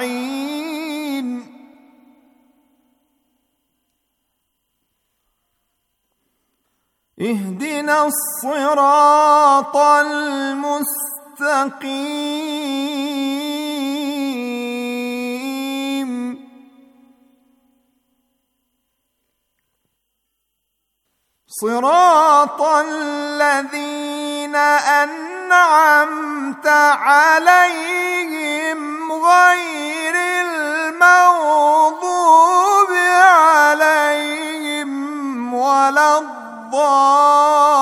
أجمعين اهدنا الصراط المستقيم صراط الذين أنعمت عليهم غير ولا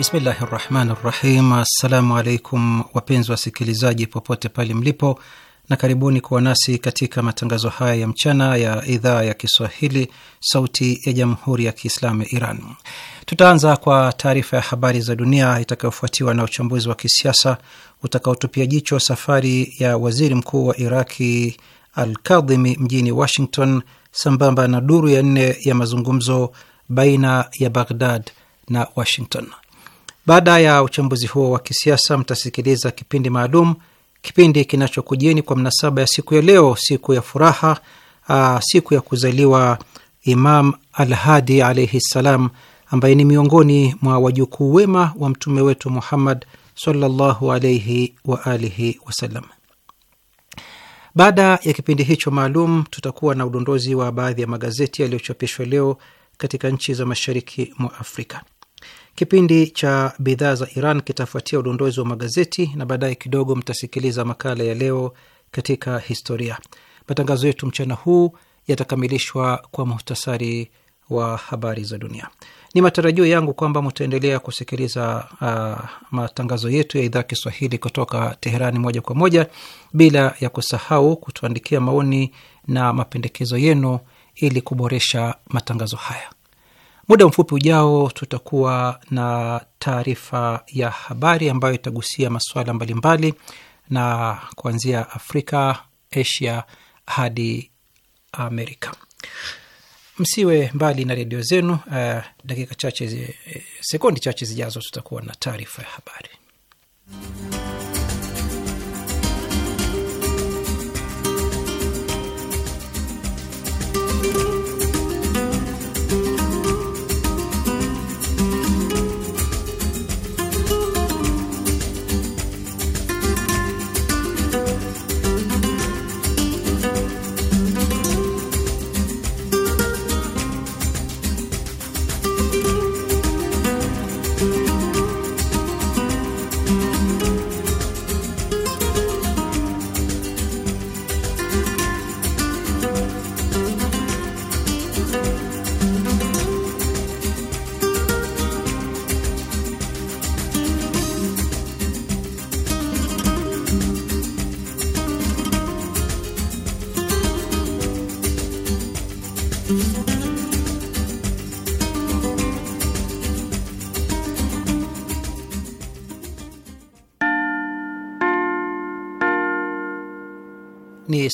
Bismillahi rahmani rahim. Assalamu alaikum wapenzi wasikilizaji popote pale mlipo, na karibuni kuwa nasi katika matangazo haya ya mchana ya idhaa ya Kiswahili sauti ya jamhuri ya Kiislamu ya Iran. Tutaanza kwa taarifa ya habari za dunia itakayofuatiwa na uchambuzi wa kisiasa utakaotupia jicho safari ya waziri mkuu wa Iraki kadhimi mjini Washington sambamba na duru ya nne ya mazungumzo baina ya Baghdad na Washington. Baada ya uchambuzi huo wa kisiasa, mtasikiliza kipindi maalum, kipindi kinachokujieni kwa mnasaba ya siku ya leo, siku ya furaha, aa, ah, siku ya kuzaliwa Imam Alhadi alaihi ssalam, ambaye ni miongoni mwa wajukuu wema wa mtume wetu Muhammad sallallahu alaihi wasallam. Baada ya kipindi hicho maalum, tutakuwa na udondozi wa baadhi ya magazeti yaliyochapishwa leo katika nchi za mashariki mwa Afrika. Kipindi cha bidhaa za Iran kitafuatia udondozi wa magazeti na baadaye kidogo mtasikiliza makala ya leo katika historia. Matangazo yetu mchana huu yatakamilishwa kwa muhtasari wa habari za dunia. Ni matarajio yangu kwamba mtaendelea kusikiliza uh, matangazo yetu ya idhaa Kiswahili kutoka Teherani moja kwa moja, bila ya kusahau kutuandikia maoni na mapendekezo yenu ili kuboresha matangazo haya. Muda mfupi ujao tutakuwa na taarifa ya habari ambayo itagusia masuala mbalimbali na kuanzia Afrika, Asia hadi Amerika. Msiwe mbali na redio zenu. Uh, dakika chache, eh, sekundi chache zijazo, tutakuwa na taarifa ya habari.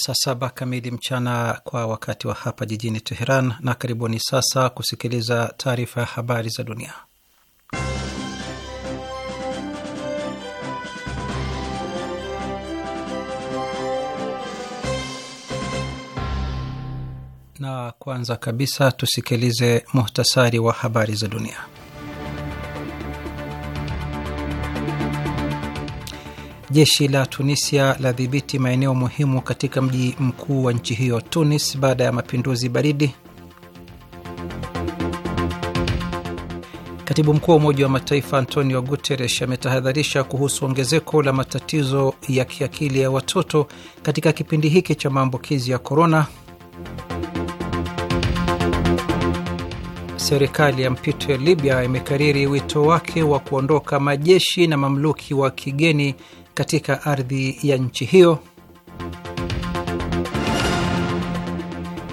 saa saba kamili mchana kwa wakati wa hapa jijini Teheran, na karibuni sasa kusikiliza taarifa ya habari za dunia. Na kwanza kabisa tusikilize muhtasari wa habari za dunia. Jeshi la Tunisia ladhibiti maeneo muhimu katika mji mkuu wa nchi hiyo Tunis, baada ya mapinduzi baridi. Katibu mkuu wa Umoja wa Mataifa Antonio Guterres ametahadharisha kuhusu ongezeko la matatizo ya kiakili ya watoto katika kipindi hiki cha maambukizi ya korona. Serikali ya mpito ya Libya imekariri wito wake wa kuondoka majeshi na mamluki wa kigeni katika ardhi ya nchi hiyo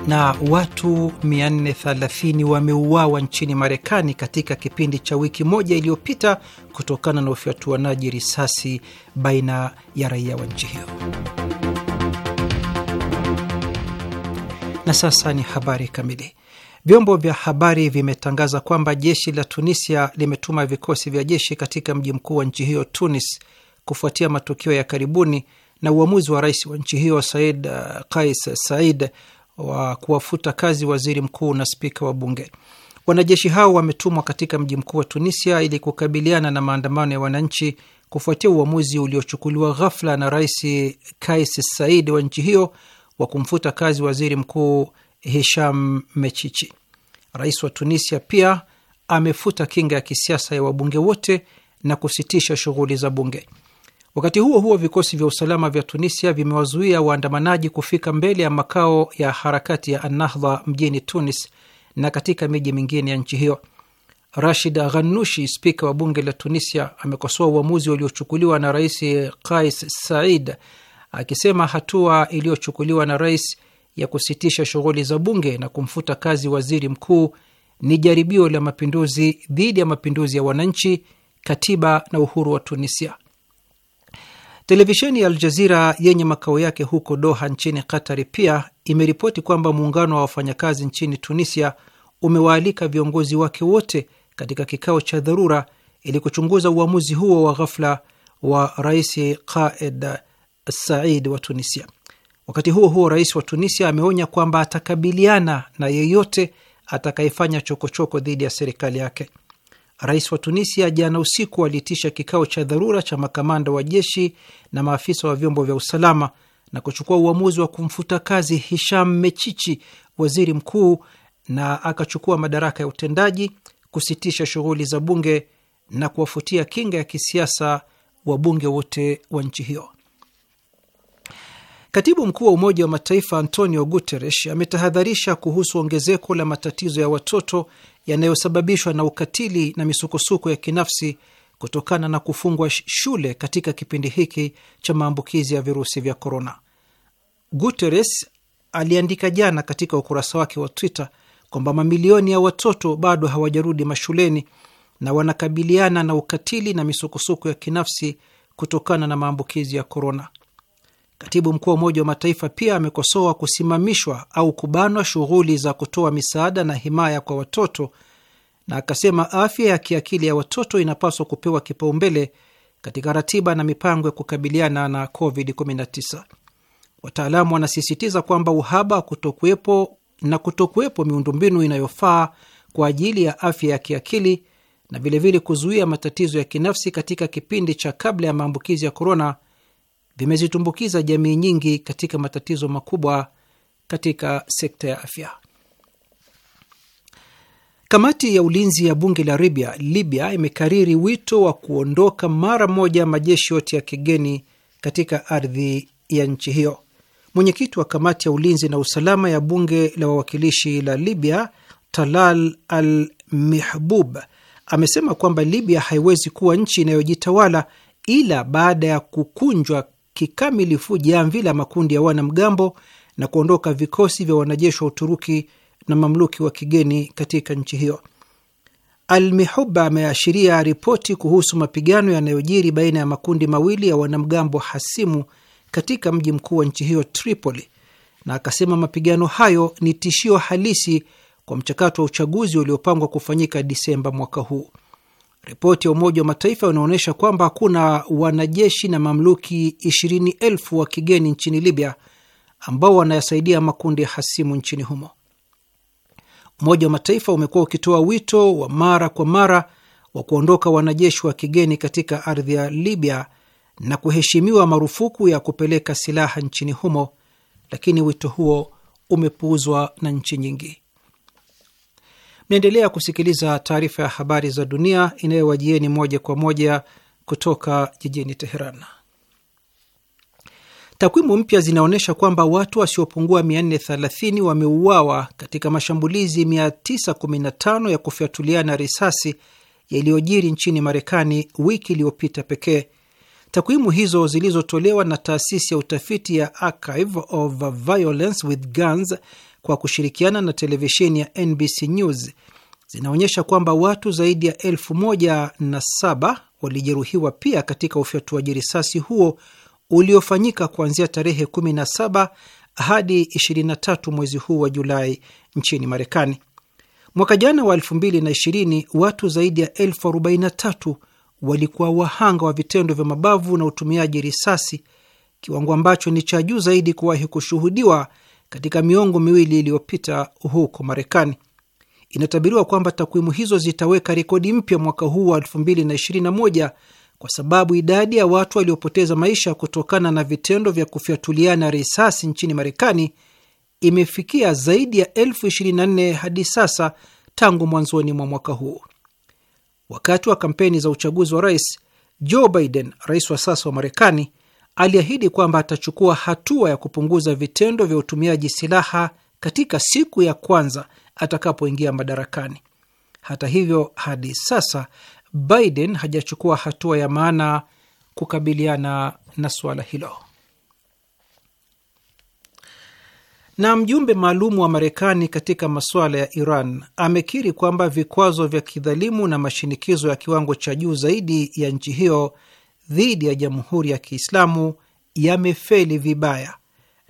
na watu 430 wameuawa nchini Marekani katika kipindi cha wiki moja iliyopita kutokana na ufyatuanaji risasi baina ya raia wa nchi hiyo. Na sasa ni habari kamili. Vyombo vya habari vimetangaza kwamba jeshi la Tunisia limetuma vikosi vya jeshi katika mji mkuu wa nchi hiyo Tunis kufuatia matukio ya karibuni na uamuzi wa rais wa nchi hiyo Said uh, Kais Said wa kuwafuta kazi waziri mkuu na spika wa bunge. Wanajeshi hao wametumwa katika mji mkuu wa Tunisia ili kukabiliana na maandamano ya wananchi kufuatia uamuzi uliochukuliwa ghafla na rais Kais Said wa nchi hiyo wa kumfuta kazi waziri mkuu Hisham Mechichi. Rais wa Tunisia pia amefuta kinga ya kisiasa ya wabunge wote na kusitisha shughuli za bunge. Wakati huo huo, vikosi vya usalama vya Tunisia vimewazuia waandamanaji kufika mbele ya makao ya harakati ya Annahdha mjini Tunis na katika miji mingine ya nchi hiyo. Rashid Ghanushi, spika wa bunge la Tunisia, amekosoa uamuzi uliochukuliwa na Rais Kais Said akisema hatua iliyochukuliwa na rais ya kusitisha shughuli za bunge na kumfuta kazi waziri mkuu ni jaribio la mapinduzi dhidi ya mapinduzi ya wananchi, katiba na uhuru wa Tunisia. Televisheni ya Aljazira yenye makao yake huko Doha nchini Qatari pia imeripoti kwamba muungano wa wafanyakazi nchini Tunisia umewaalika viongozi wake wote katika kikao cha dharura ili kuchunguza uamuzi huo wa ghafla wa Rais Ka'ed Said wa Tunisia. Wakati huo huo, rais wa Tunisia ameonya kwamba atakabiliana na yeyote atakayefanya chokochoko dhidi ya serikali yake. Rais wa Tunisia jana usiku aliitisha kikao cha dharura cha makamanda wa jeshi na maafisa wa vyombo vya usalama na kuchukua uamuzi wa kumfuta kazi Hisham Mechichi, waziri mkuu, na akachukua madaraka ya utendaji, kusitisha shughuli za bunge na kuwafutia kinga ya kisiasa wabunge wote wa nchi hiyo. Katibu mkuu wa Umoja wa Mataifa Antonio Guterres ametahadharisha kuhusu ongezeko la matatizo ya watoto yanayosababishwa na ukatili na misukosuko ya kinafsi kutokana na kufungwa shule katika kipindi hiki cha maambukizi ya virusi vya korona. Guterres aliandika jana katika ukurasa wake wa Twitter kwamba mamilioni ya watoto bado hawajarudi mashuleni na wanakabiliana na ukatili na misukosuko ya kinafsi kutokana na maambukizi ya korona. Katibu mkuu wa Umoja wa Mataifa pia amekosoa kusimamishwa au kubanwa shughuli za kutoa misaada na himaya kwa watoto na akasema afya ya kiakili ya watoto inapaswa kupewa kipaumbele katika ratiba na mipango ya kukabiliana na COVID-19. Wataalamu wanasisitiza kwamba uhaba kutokuwepo na kutokuwepo miundombinu inayofaa kwa ajili ya afya ya kiakili na vilevile kuzuia matatizo ya kinafsi katika kipindi cha kabla ya maambukizi ya korona vimezitumbukiza jamii nyingi katika matatizo makubwa katika sekta ya afya. Kamati ya ulinzi ya bunge la Libya, Libya imekariri wito wa kuondoka mara moja majeshi yote ya kigeni katika ardhi ya nchi hiyo. Mwenyekiti wa kamati ya ulinzi na usalama ya bunge la wawakilishi la Libya, Talal Al Mihbub, amesema kwamba Libya haiwezi kuwa nchi inayojitawala ila baada ya kukunjwa kikamilifu jamvi la makundi ya wanamgambo na kuondoka vikosi vya wanajeshi wa Uturuki na mamluki wa kigeni katika nchi hiyo. Almihuba ameashiria ripoti kuhusu mapigano yanayojiri baina ya makundi mawili ya wanamgambo hasimu katika mji mkuu wa nchi hiyo Tripoli, na akasema mapigano hayo ni tishio halisi kwa mchakato wa uchaguzi uliopangwa kufanyika Disemba mwaka huu. Ripoti ya Umoja wa Mataifa inaonyesha kwamba kuna wanajeshi na mamluki ishirini elfu wa kigeni nchini Libya ambao wanayasaidia makundi ya hasimu nchini humo. Umoja wa Mataifa umekuwa ukitoa wito wa mara kwa mara wa kuondoka wanajeshi wa kigeni katika ardhi ya Libya na kuheshimiwa marufuku ya kupeleka silaha nchini humo, lakini wito huo umepuuzwa na nchi nyingi. Mnaendelea kusikiliza taarifa ya habari za dunia inayowajieni moja kwa moja kutoka jijini Teheran. Takwimu mpya zinaonyesha kwamba watu wasiopungua 430 wameuawa katika mashambulizi 915 ya kufyatuliana risasi yaliyojiri nchini Marekani wiki iliyopita pekee. Takwimu hizo zilizotolewa na taasisi ya utafiti ya Archive of Violence with Guns kwa kushirikiana na televisheni ya NBC News zinaonyesha kwamba watu zaidi ya elfu moja na saba walijeruhiwa pia katika ufyatuaji risasi huo uliofanyika kuanzia tarehe 17 hadi 23 mwezi huu wa Julai nchini Marekani. Mwaka jana wa 2020 watu zaidi ya elfu 43 walikuwa wahanga wa vitendo vya mabavu na utumiaji risasi, kiwango ambacho ni cha juu zaidi kuwahi kushuhudiwa katika miongo miwili iliyopita huko Marekani. Inatabiriwa kwamba takwimu hizo zitaweka rekodi mpya mwaka huu wa 2021 kwa sababu idadi ya watu waliopoteza maisha kutokana na vitendo vya kufyatuliana risasi nchini Marekani imefikia zaidi ya elfu 24 hadi sasa tangu mwanzoni mwa mwaka huu. Wakati wa kampeni za uchaguzi wa rais, Joe Biden, rais wa sasa wa Marekani, aliahidi kwamba atachukua hatua ya kupunguza vitendo vya utumiaji silaha katika siku ya kwanza atakapoingia madarakani. Hata hivyo, hadi sasa Biden hajachukua hatua ya maana kukabiliana na suala hilo. Na mjumbe maalum wa Marekani katika masuala ya Iran amekiri kwamba vikwazo vya kidhalimu na mashinikizo ya kiwango cha juu zaidi ya nchi hiyo dhidi ya Jamhuri ya Kiislamu yamefeli vibaya,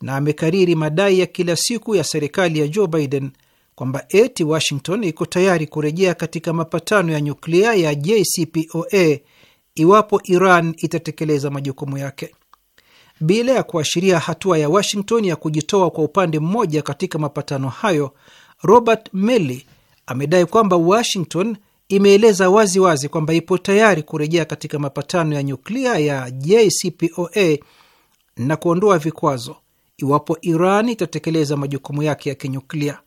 na amekariri madai ya kila siku ya serikali ya Joe Biden kwamba eti Washington iko tayari kurejea katika mapatano ya nyuklia ya JCPOA iwapo Iran itatekeleza majukumu yake bila ya kuashiria hatua ya Washington ya kujitoa kwa upande mmoja katika mapatano hayo. Robert Melly amedai kwamba Washington imeeleza wazi wazi kwamba ipo tayari kurejea katika mapatano ya nyuklia ya JCPOA na kuondoa vikwazo iwapo Iran itatekeleza majukumu yake ya kinyuklia.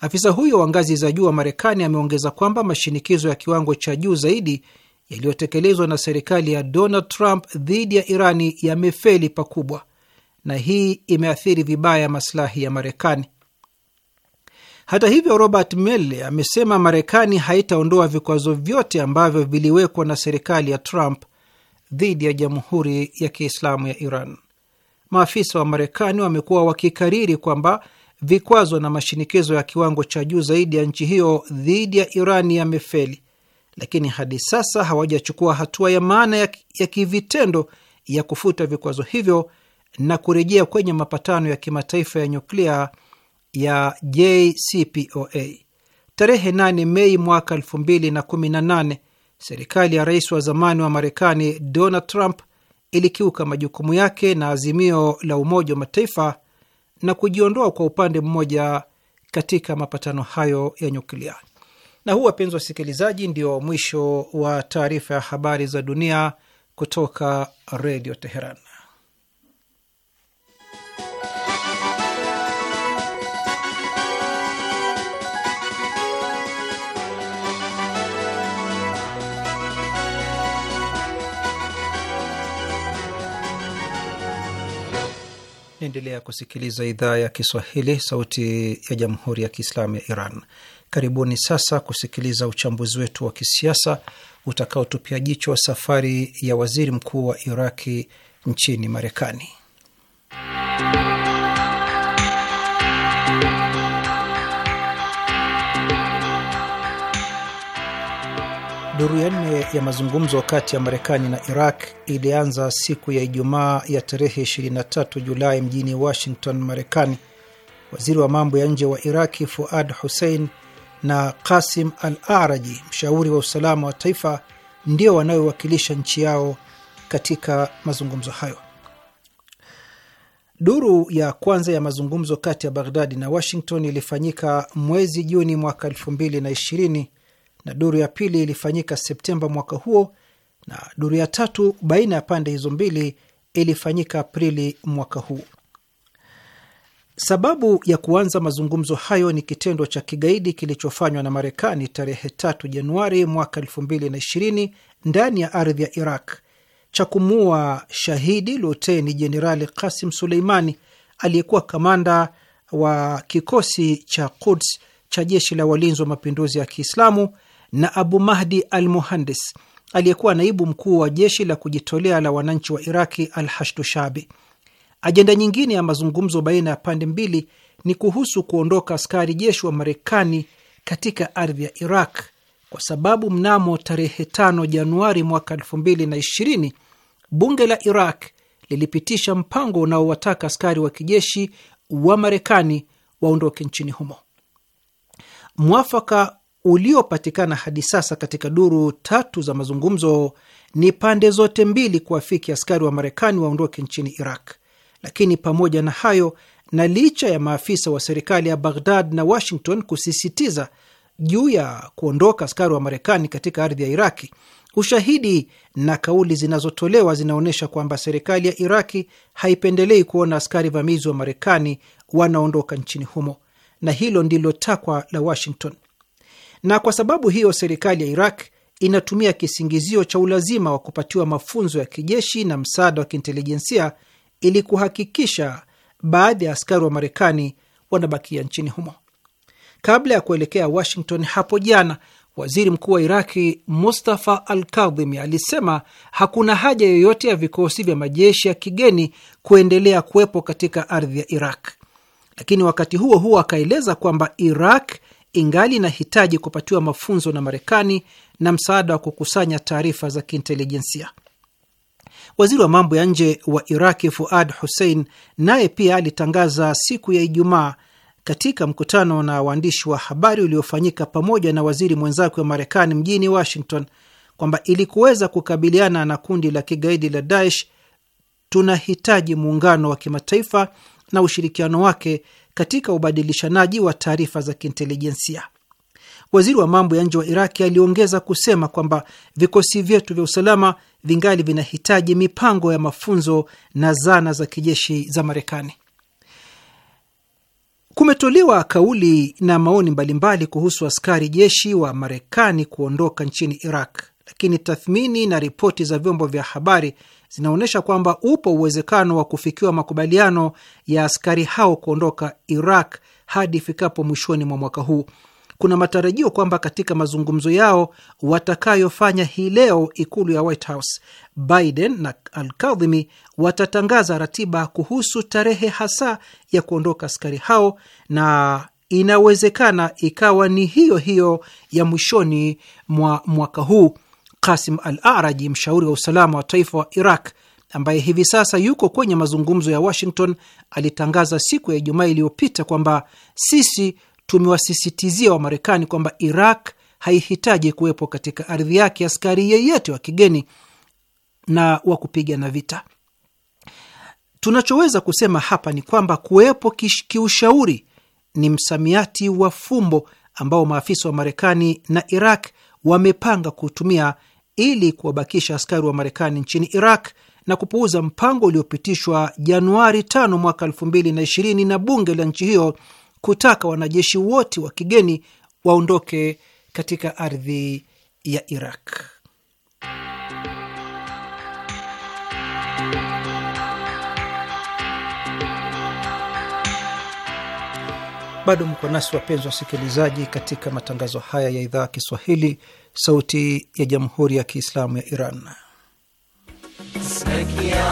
Afisa huyo wa ngazi za juu wa Marekani ameongeza kwamba mashinikizo ya kiwango cha juu zaidi yaliyotekelezwa na serikali ya Donald Trump dhidi ya Irani yamefeli pakubwa, na hii imeathiri vibaya masilahi ya Marekani. Hata hivyo, Robert Mele amesema Marekani haitaondoa vikwazo vyote ambavyo viliwekwa na serikali ya Trump dhidi ya Jamhuri ya Kiislamu ya Iran. Maafisa wa Marekani wamekuwa wakikariri kwamba vikwazo na mashinikizo ya kiwango cha juu zaidi ya nchi hiyo dhidi ya Iran yamefeli, lakini hadi sasa hawajachukua hatua ya maana ya, ya kivitendo ya kufuta vikwazo hivyo na kurejea kwenye mapatano ya kimataifa ya nyuklia ya JCPOA. Tarehe 8 Mei mwaka 2018 serikali ya rais wa zamani wa Marekani Donald Trump ilikiuka majukumu yake na azimio la Umoja wa Mataifa na kujiondoa kwa upande mmoja katika mapatano hayo ya nyuklia. Na huu, wapenzi wasikilizaji, ndio mwisho wa taarifa ya habari za dunia kutoka Redio Teheran. Naendelea kusikiliza idhaa ya Kiswahili, sauti ya jamhuri ya kiislamu ya Iran. Karibuni sasa kusikiliza uchambuzi wetu wa kisiasa utakaotupia jicho wa safari ya waziri mkuu wa Iraki nchini Marekani. Duru ya nne ya mazungumzo kati ya Marekani na Iraq ilianza siku ya Ijumaa ya tarehe 23 Julai mjini Washington, Marekani. Waziri wa mambo ya nje wa iraqi Fuad Hussein na Qasim Al Araji, mshauri wa usalama wa taifa, ndio wanayowakilisha nchi yao katika mazungumzo hayo. Duru ya kwanza ya mazungumzo kati ya Baghdadi na Washington ilifanyika mwezi Juni mwaka 2020 na duru ya pili ilifanyika Septemba mwaka huo na duru ya tatu baina ya pande hizo mbili ilifanyika Aprili mwaka huu. Sababu ya kuanza mazungumzo hayo ni kitendo cha kigaidi kilichofanywa na Marekani tarehe 3 Januari mwaka 2020 ndani ya ardhi ya Iraq cha kumuua shahidi luteni jenerali Kasim Suleimani aliyekuwa kamanda wa kikosi cha Quds cha jeshi la walinzi wa mapinduzi ya Kiislamu na Abu Mahdi al Muhandis aliyekuwa naibu mkuu wa jeshi la kujitolea la wananchi wa Iraki al Hashdu Shabi. Ajenda nyingine ya mazungumzo baina ya pande mbili ni kuhusu kuondoka askari jeshi wa Marekani katika ardhi ya Iraq kwa sababu mnamo tarehe 5 Januari mwaka 2020 bunge la Iraq lilipitisha mpango unaowataka askari wa kijeshi wa Marekani waondoke nchini humo. Mwafaka uliopatikana hadi sasa katika duru tatu za mazungumzo ni pande zote mbili kuwafiki askari wa Marekani waondoke nchini Iraq. Lakini pamoja na hayo, na licha ya maafisa wa serikali ya Baghdad na Washington kusisitiza juu ya kuondoka askari wa Marekani katika ardhi ya Iraki, ushahidi na kauli zinazotolewa zinaonyesha kwamba serikali ya Iraki haipendelei kuona askari vamizi wa Marekani wanaondoka nchini humo, na hilo ndilo takwa la Washington na kwa sababu hiyo serikali ya Iraq inatumia kisingizio cha ulazima wa kupatiwa mafunzo ya kijeshi na msaada wa kiintelijensia ili kuhakikisha baadhi ya askari wa Marekani wanabakia nchini humo. Kabla ya kuelekea Washington hapo jana, waziri mkuu wa Iraki Mustafa Al Kadhimi alisema hakuna haja yoyote ya vikosi vya majeshi ya kigeni kuendelea kuwepo katika ardhi ya Iraq, lakini wakati huo huo akaeleza kwamba Iraq ingali inahitaji kupatiwa mafunzo na Marekani na msaada wa kukusanya taarifa za kiintelijensia. Waziri wa mambo ya nje wa Iraki Fuad Hussein naye pia alitangaza siku ya Ijumaa katika mkutano na waandishi wa habari uliofanyika pamoja na waziri mwenzake wa Marekani mjini Washington kwamba ili kuweza kukabiliana na kundi la kigaidi la Daesh tunahitaji muungano wa kimataifa na ushirikiano wake katika ubadilishanaji wa taarifa za kiintelijensia. Waziri wa mambo ya nje wa Iraki aliongeza kusema kwamba vikosi vyetu vya usalama vingali vinahitaji mipango ya mafunzo na zana za kijeshi za Marekani. Kumetolewa kauli na maoni mbalimbali kuhusu askari jeshi wa Marekani kuondoka nchini Iraq, lakini tathmini na ripoti za vyombo vya habari zinaonyesha kwamba upo uwezekano wa kufikiwa makubaliano ya askari hao kuondoka Iraq hadi ifikapo mwishoni mwa mwaka huu. Kuna matarajio kwamba katika mazungumzo yao watakayofanya hii leo ikulu ya White House, Biden na alkadhimi watatangaza ratiba kuhusu tarehe hasa ya kuondoka askari hao, na inawezekana ikawa ni hiyo hiyo ya mwishoni mwa mwaka huu Kasim Al Araji, mshauri wa usalama wa taifa wa Iraq ambaye hivi sasa yuko kwenye mazungumzo ya Washington, alitangaza siku ya Ijumaa iliyopita kwamba sisi tumewasisitizia Wamarekani kwamba Iraq haihitaji kuwepo katika ardhi yake askari yeyote wa kigeni na wa kupigana vita. Tunachoweza kusema hapa ni kwamba kuwepo kiushauri ni msamiati wa fumbo ambao maafisa wa Marekani na Iraq wamepanga kutumia ili kuwabakisha askari wa Marekani nchini Iraq na kupuuza mpango uliopitishwa Januari 5 mwaka 2020 na bunge la nchi hiyo kutaka wanajeshi wote wa kigeni waondoke katika ardhi ya Iraq. Bado mko nasi wapenzi wasikilizaji, katika matangazo haya ya idhaa ya Kiswahili sauti ya jamhuri ya kiislamu ya Iran. يا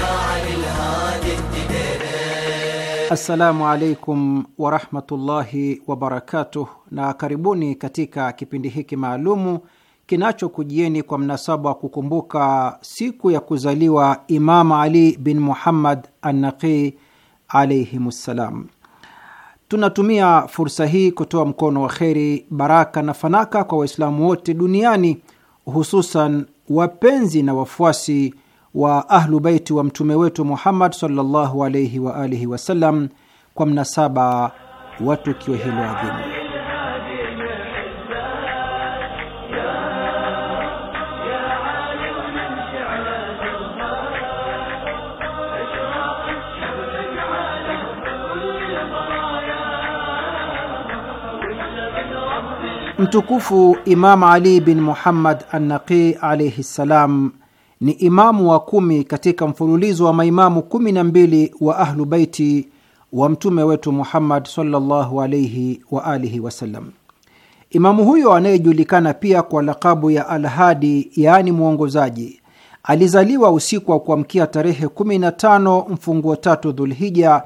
علي الهادي Assalamu alaikum warahmatullahi wabarakatuh, na karibuni katika kipindi hiki maalumu kinachokujieni kwa mnasaba wa kukumbuka siku ya kuzaliwa Imam Ali bin Muhammad Annaqi alaihimussalam. Tunatumia fursa hii kutoa mkono wa kheri, baraka na fanaka kwa Waislamu wote duniani, hususan wapenzi na wafuasi wa Ahlu Baiti wa mtume wetu Muhammad sallallahu alaihi wa alihi wasallam kwa mnasaba wa tukio hilo adhimu. Mtukufu Imam Ali bin Muhammad Annaqi alaihi ssalam ni imamu wa kumi katika mfululizo wa maimamu kumi na mbili wa Ahlu Baiti wa mtume wetu Muhammad sallallahu alaihi wa alihi wasallam. Imamu huyo anayejulikana pia kwa lakabu ya Alhadi, yaani mwongozaji, alizaliwa usiku wa kuamkia tarehe 15 mfunguo tatu Dhulhija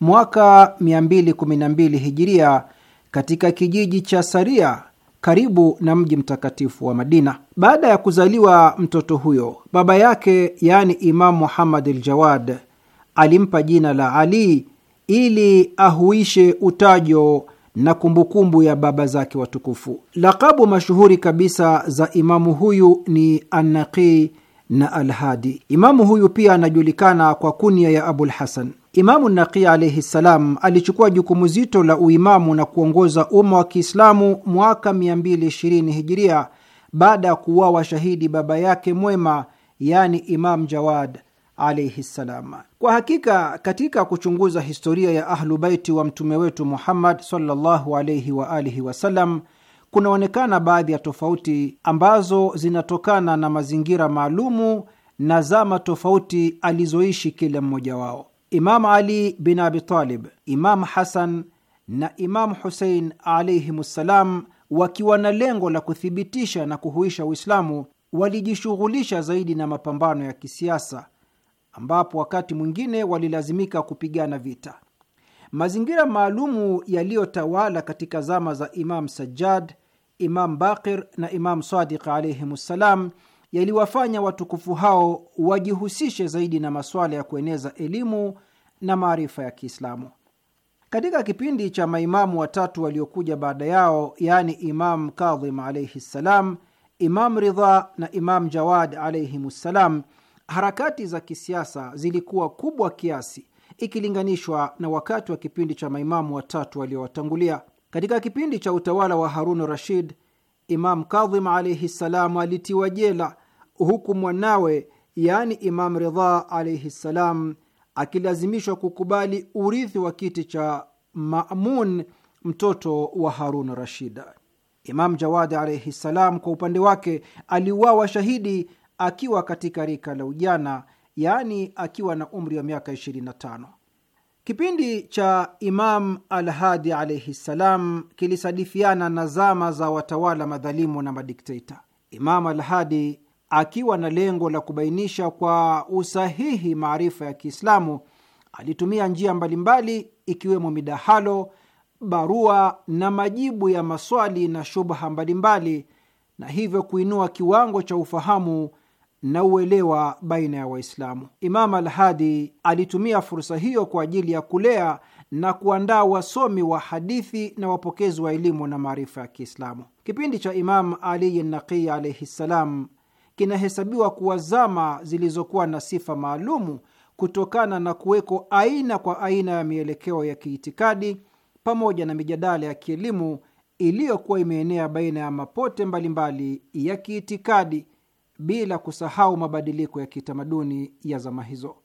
mwaka 212 hijiria katika kijiji cha Saria karibu na mji mtakatifu wa Madina. Baada ya kuzaliwa mtoto huyo, baba yake yaani Imam Muhammad al-Jawad alimpa jina la Ali ili ahuishe utajo na kumbukumbu ya baba zake watukufu. Lakabu mashuhuri kabisa za imamu huyu ni Annaqi na Alhadi. Imamu huyu pia anajulikana kwa kunia ya Abul Hasan. Imamu Naqi alaihi ssalam alichukua jukumu zito la uimamu na kuongoza umma wa Kiislamu mwaka 220 hijiria baada ya kuuawa shahidi baba yake mwema, yani Imam Jawad alaihi ssalam. Kwa hakika katika kuchunguza historia ya Ahlubaiti wa mtume wetu Muhammad sallallahu alaihi alihi wasallam kunaonekana baadhi ya tofauti ambazo zinatokana na mazingira maalumu na zama tofauti alizoishi kila mmoja wao. Imam Ali bin Abi Talib, Imam Hasan na Imam Husein alaihim ssalam, wakiwa na lengo la kuthibitisha na kuhuisha Uislamu, walijishughulisha zaidi na mapambano ya kisiasa, ambapo wakati mwingine walilazimika kupigana vita. Mazingira maalumu yaliyotawala katika zama za Imam Sajjad, Imam Bakir na Imam Sadiq alaihim ssalam yaliwafanya watukufu hao wajihusishe zaidi na masuala ya kueneza elimu na maarifa ya Kiislamu. Katika kipindi cha maimamu watatu waliokuja baada yao, yaani Imam Kadhim alaihi ssalam, Imam Ridha na Imam Jawad alaihim ssalam, harakati za kisiasa zilikuwa kubwa kiasi ikilinganishwa na wakati wa kipindi cha maimamu watatu waliowatangulia. Katika kipindi cha utawala wa Harun Rashid Imam Kadhim alaihi ssalam alitiwa jela, huku mwanawe yaani Imam Ridha alaihi ssalam akilazimishwa kukubali urithi wa kiti cha Mamun, mtoto wa Harun Rashid. Imam Jawadi alaihi ssalam kwa upande wake aliuawa shahidi akiwa katika rika la ujana, yaani akiwa na umri wa miaka 25. Kipindi cha Imam Alhadi alaihi ssalam kilisadifiana na zama za watawala madhalimu na madikteta. Imam Alhadi akiwa na lengo la kubainisha kwa usahihi maarifa ya Kiislamu alitumia njia mbalimbali ikiwemo midahalo, barua na majibu ya maswali na shubha mbalimbali, na hivyo kuinua kiwango cha ufahamu na uelewa baina ya Waislamu. Imam Alhadi alitumia fursa hiyo kwa ajili ya kulea na kuandaa wasomi wa hadithi na wapokezi wa elimu na maarifa ya Kiislamu. Kipindi cha Imam Ali Naqi alaihi ssalam kinahesabiwa kuwa zama zilizokuwa na sifa maalumu kutokana na kuweko aina kwa aina ya mielekeo ya kiitikadi pamoja na mijadala ya kielimu iliyokuwa imeenea baina ya mapote mbalimbali mbali ya kiitikadi bila kusahau mabadiliko ya kitamaduni ya zama hizo.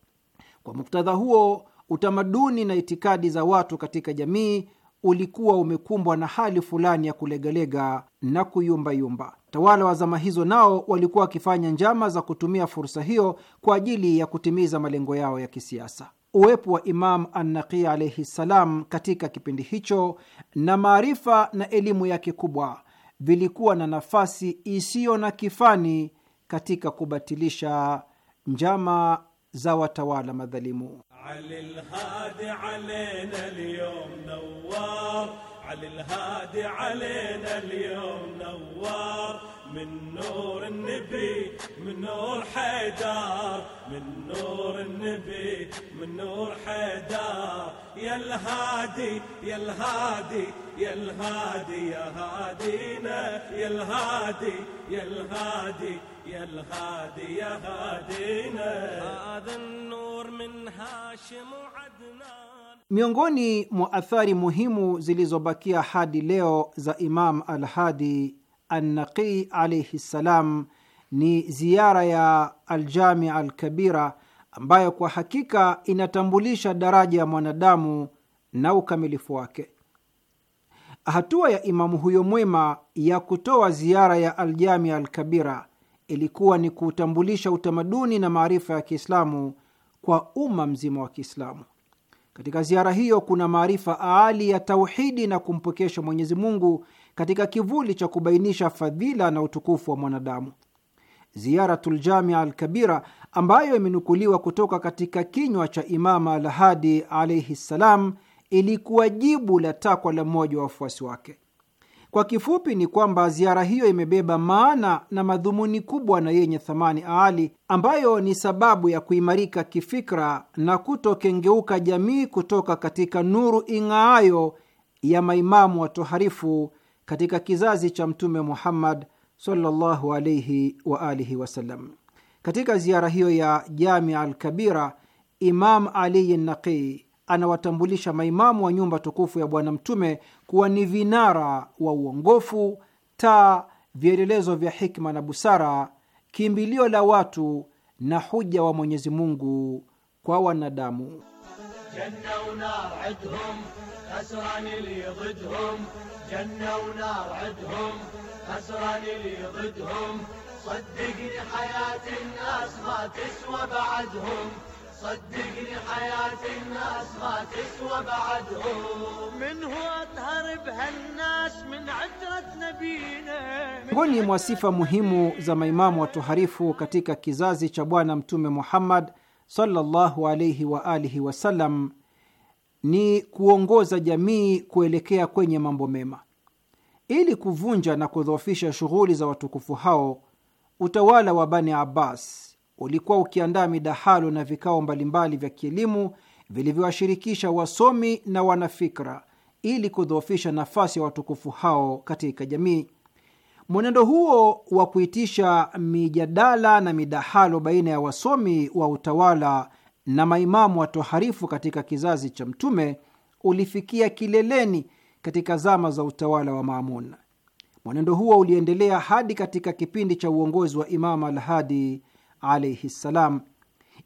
Kwa muktadha huo, utamaduni na itikadi za watu katika jamii ulikuwa umekumbwa na hali fulani ya kulegalega na kuyumbayumba. Tawala wa zama hizo nao walikuwa wakifanya njama za kutumia fursa hiyo kwa ajili ya kutimiza malengo yao ya kisiasa. Uwepo wa Imam Annaqi alaihi ssalam katika kipindi hicho na maarifa na elimu yake kubwa vilikuwa na nafasi isiyo na kifani katika kubatilisha njama za watawala madhalimu. علي الهادي علينا اليوم نوار من نور النبي من نور حيدار من نور النبي من نور حيدار يا الهادي يا الهادي يا الهادي يا هادينا يا الهادي يا الهادي يا الهادي يا هادينا هذا النور من هاشم وعدنان Miongoni mwa athari muhimu zilizobakia hadi leo za Imam Alhadi Annaqi alaihi ssalam ni ziara ya Aljamia Alkabira ambayo kwa hakika inatambulisha daraja ya mwanadamu na ukamilifu wake. Hatua ya imamu huyo mwema ya kutoa ziara ya Aljamia Alkabira ilikuwa ni kutambulisha utamaduni na maarifa ya Kiislamu kwa umma mzima wa Kiislamu. Katika ziara hiyo kuna maarifa aali ya tauhidi na kumpokesha Mwenyezi Mungu katika kivuli cha kubainisha fadhila na utukufu wa mwanadamu. ziaratul Jamia Alkabira ambayo imenukuliwa kutoka katika kinywa cha Imama Alhadi alaihi ssalam, ilikuwa jibu la takwa la mmoja wa wafuasi wake. Kwa kifupi ni kwamba ziara hiyo imebeba maana na madhumuni kubwa na yenye thamani aali, ambayo ni sababu ya kuimarika kifikra na kutokengeuka jamii kutoka katika nuru ing'aayo ya maimamu watoharifu katika kizazi cha Mtume Muhammad sallallahu alaihi wa alihi wasallam. Katika ziara hiyo ya Jamia Alkabira, Imam Aliyi Naqii anawatambulisha maimamu wa nyumba tukufu ya Bwana Mtume kuwa ni vinara wa uongofu, taa, vielelezo vya hikma na busara, kimbilio la watu na huja wa Mwenyezi Mungu kwa wanadamu. صدقني حياة الناس ما تسوى بعدهم من هو أطهر بهالناس من عترة نبينا Miongoni mwa sifa muhimu za maimamu watoharifu katika kizazi cha Bwana Mtume Muhammad sallallahu wa alihi wasallam ni kuongoza jamii kuelekea kwenye mambo mema. Ili kuvunja na kudhoofisha shughuli za watukufu hao, utawala wa Bani Abbas ulikuwa ukiandaa midahalo na vikao mbalimbali vya kielimu vilivyowashirikisha wasomi na wanafikra ili kudhoofisha nafasi ya watukufu hao katika jamii. Mwenendo huo wa kuitisha mijadala na midahalo baina ya wasomi wa utawala na maimamu watoharifu katika kizazi cha Mtume ulifikia kileleni katika zama za utawala wa Maamuna. Mwenendo huo uliendelea hadi katika kipindi cha uongozi wa Imam Alhadi alaihi ssalam.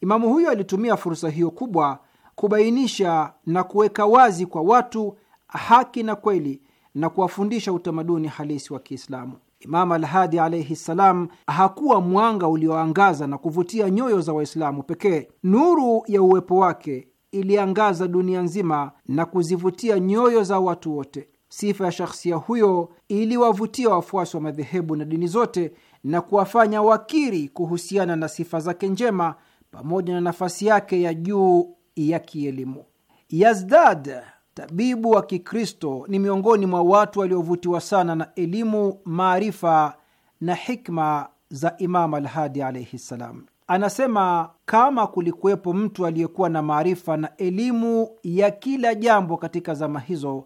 Imamu huyo alitumia fursa hiyo kubwa kubainisha na kuweka wazi kwa watu haki na kweli na kuwafundisha utamaduni halisi wa Kiislamu. Imamu Alhadi alaihi ssalam hakuwa mwanga ulioangaza na kuvutia nyoyo za Waislamu pekee. Nuru ya uwepo wake iliangaza dunia nzima na kuzivutia nyoyo za watu wote. Sifa ya shakhsia huyo iliwavutia wafuasi wa madhehebu na dini zote na kuwafanya wakiri kuhusiana na sifa zake njema pamoja na nafasi yake ya juu ya kielimu. Yazdad, tabibu wa Kikristo, ni miongoni mwa watu waliovutiwa sana na elimu, maarifa na hikma za Imam Alhadi alaihi ssalam. Anasema, kama kulikuwepo mtu aliyekuwa na maarifa na elimu ya kila jambo katika zama hizo,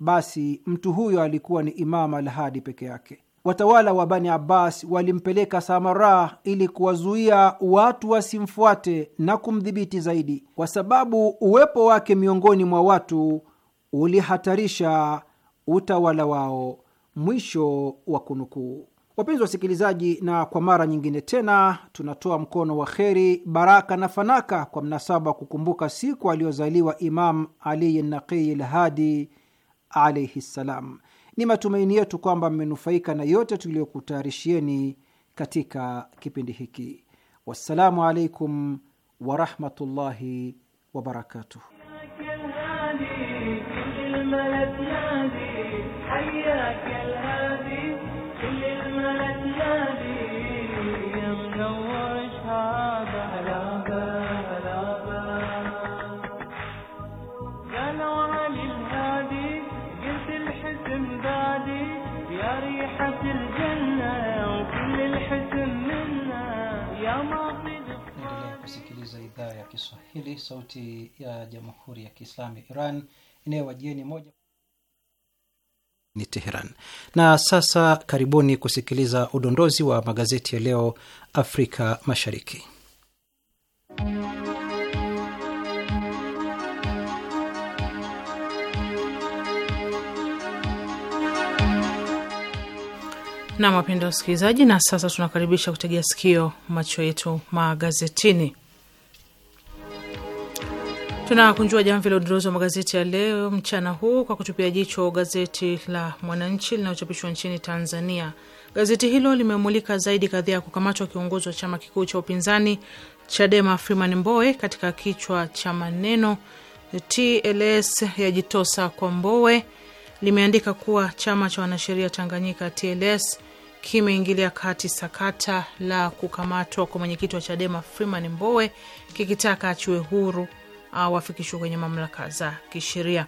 basi mtu huyo alikuwa ni Imam Alhadi peke yake watawala wa Bani Abbas walimpeleka Samara ili kuwazuia watu wasimfuate na kumdhibiti zaidi, kwa sababu uwepo wake miongoni mwa watu ulihatarisha utawala wao. Mwisho wa kunukuu. Wapenzi wasikilizaji, na kwa mara nyingine tena tunatoa mkono wa kheri, baraka na fanaka kwa mnasaba wa kukumbuka siku aliyozaliwa Imam Ali Naqiyi Lhadi alaihi ssalam. Ni matumaini yetu kwamba mmenufaika na yote tuliyokutayarishieni katika kipindi hiki. Wassalamu alaikum warahmatullahi wabarakatuh. Kiswahili, sauti ya jamhuri ya kiislamu ya Iran inayowajieni moja ni Teheran. Na sasa karibuni kusikiliza udondozi wa magazeti ya leo Afrika Mashariki. Nam, wapenda wasikilizaji, na sasa tunakaribisha kutegea sikio macho yetu magazetini. Tunakunjua jamvi la udondozi wa magazeti ya leo mchana huu kwa kutupia jicho gazeti la Mwananchi linalochapishwa nchini Tanzania. Gazeti hilo limemulika zaidi kadhia ya kukamatwa kiongozi wa chama kikuu cha upinzani Chadema Freeman Mbowe katika kichwa cha maneno TLS yajitosa kwa Mbowe. Limeandika kuwa chama cha wanasheria Tanganyika TLS kimeingilia kati sakata la kukamatwa kwa mwenyekiti wa Chadema Freeman Mbowe kikitaka achiwe huru wafikishwe kwenye mamlaka za kisheria.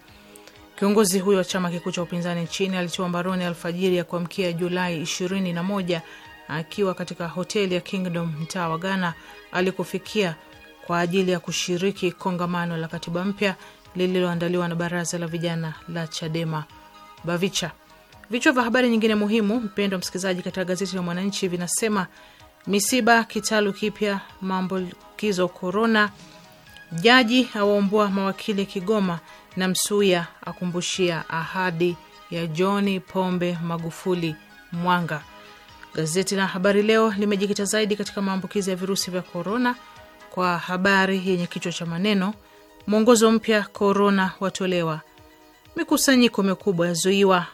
Kiongozi huyo wa chama kikuu cha upinzani nchini alitiwa mbaroni alfajiri ya kuamkia Julai 21 akiwa katika hoteli ya Kingdom mtaa wa Ghana alikufikia kwa ajili ya kushiriki kongamano la katiba mpya lililoandaliwa na baraza la vijana la Chadema Bavicha. Vichwa vya habari nyingine muhimu, mpendo wa msikilizaji, katika gazeti la Mwananchi vinasema: misiba kitalu kipya, maambukizo korona Jaji awaombua mawakili Kigoma na Msuya akumbushia ahadi ya John Pombe Magufuli Mwanga. Gazeti la Habari Leo limejikita zaidi katika maambukizi ya virusi vya korona kwa habari yenye kichwa cha maneno mwongozo mpya korona watolewa, mikusanyiko mikubwa yazuiwa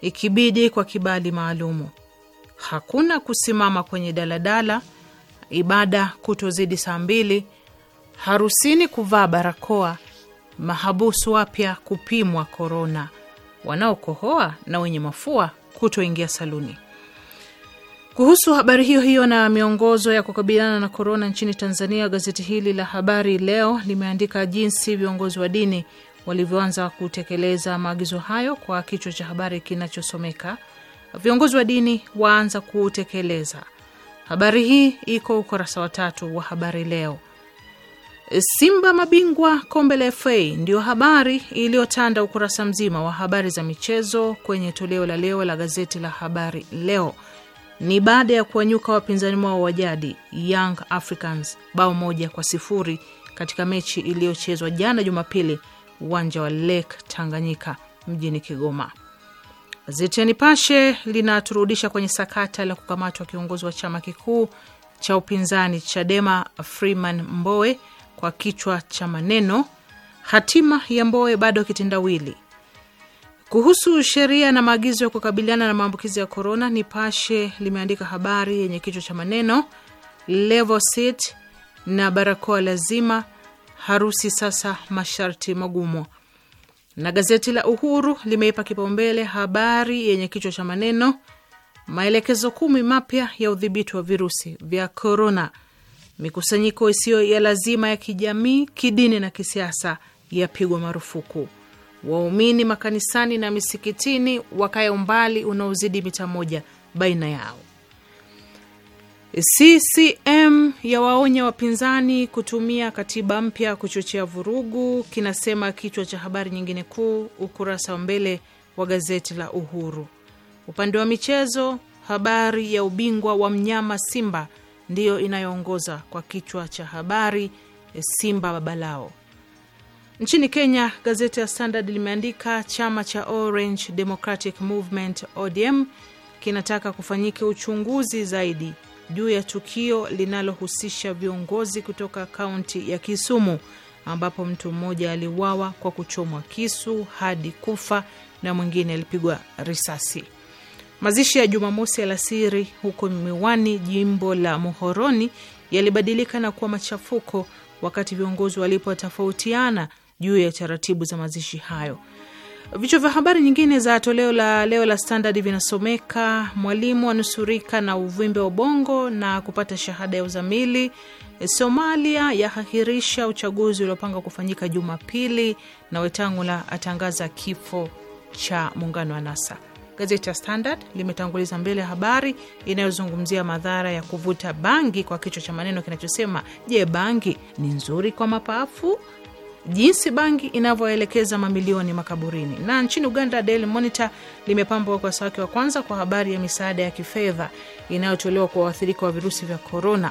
ikibidi kwa kibali maalumu, hakuna kusimama kwenye daladala, ibada kutozidi saa mbili harusini kuvaa barakoa, mahabusu wapya kupimwa korona, wanaokohoa na wenye mafua kutoingia saluni. Kuhusu habari hiyo hiyo na miongozo ya kukabiliana na korona nchini Tanzania, gazeti hili la Habari Leo limeandika jinsi viongozi wa dini walivyoanza kutekeleza maagizo hayo kwa kichwa cha habari kinachosomeka viongozi wa dini waanza kutekeleza. Habari hii iko ukurasa wa tatu wa Habari Leo. Simba mabingwa kombe la FA ndiyo habari iliyotanda ukurasa mzima wa habari za michezo kwenye toleo la leo la gazeti la Habari Leo. Ni baada ya kuwanyuka wapinzani wao wa jadi Young Africans bao moja kwa sifuri katika mechi iliyochezwa jana Jumapili uwanja wa Lake Tanganyika mjini Kigoma. Gazeti ya Nipashe linaturudisha kwenye sakata la kukamatwa kiongozi wa chama kikuu cha upinzani Chadema Freeman Mbowe kwa kichwa cha maneno hatima ya Mbowe bado kitendawili. Kuhusu sheria na maagizo ya kukabiliana na maambukizi ya korona, Nipashe limeandika habari yenye kichwa cha maneno Levosit na barakoa lazima, harusi sasa masharti magumu. Na gazeti la Uhuru limeipa kipaumbele habari yenye kichwa cha maneno maelekezo kumi mapya ya udhibiti wa virusi vya korona. Mikusanyiko isiyo ya lazima ya kijamii, kidini na kisiasa yapigwa marufuku. Waumini makanisani na misikitini wakae umbali unaozidi mita moja baina yao. CCM yawaonya wapinzani kutumia katiba mpya kuchochea vurugu, kinasema kichwa cha habari nyingine kuu ukurasa wa mbele wa gazeti la Uhuru. Upande wa michezo, habari ya ubingwa wa mnyama Simba ndiyo inayoongoza kwa kichwa cha habari eh, Simba babalao. Nchini Kenya, gazeti ya Standard limeandika chama cha Orange Democratic Movement ODM kinataka kufanyika uchunguzi zaidi juu ya tukio linalohusisha viongozi kutoka kaunti ya Kisumu ambapo mtu mmoja aliuawa kwa kuchomwa kisu hadi kufa na mwingine alipigwa risasi. Mazishi ya Jumamosi alasiri huko Miwani, jimbo la Muhoroni, yalibadilika na kuwa machafuko wakati viongozi walipotofautiana juu ya taratibu za mazishi hayo. Vichwa vya habari nyingine za toleo la leo la Standard vinasomeka: mwalimu anusurika na uvimbe wa ubongo na kupata shahada ya uzamili; Somalia yahahirisha uchaguzi uliopanga kufanyika Jumapili; na Wetangula atangaza kifo cha muungano wa NASA. Gazeti ya Standard limetanguliza mbele habari inayozungumzia madhara ya kuvuta bangi kwa kichwa cha maneno kinachosema je, bangi ni nzuri kwa mapafu? Jinsi bangi inavyoelekeza mamilioni makaburini. Na nchini Uganda, Daily Monitor limepambwa ukurasa wake wa kwanza kwa habari ya misaada ya kifedha inayotolewa kwa waathirika wa virusi vya korona.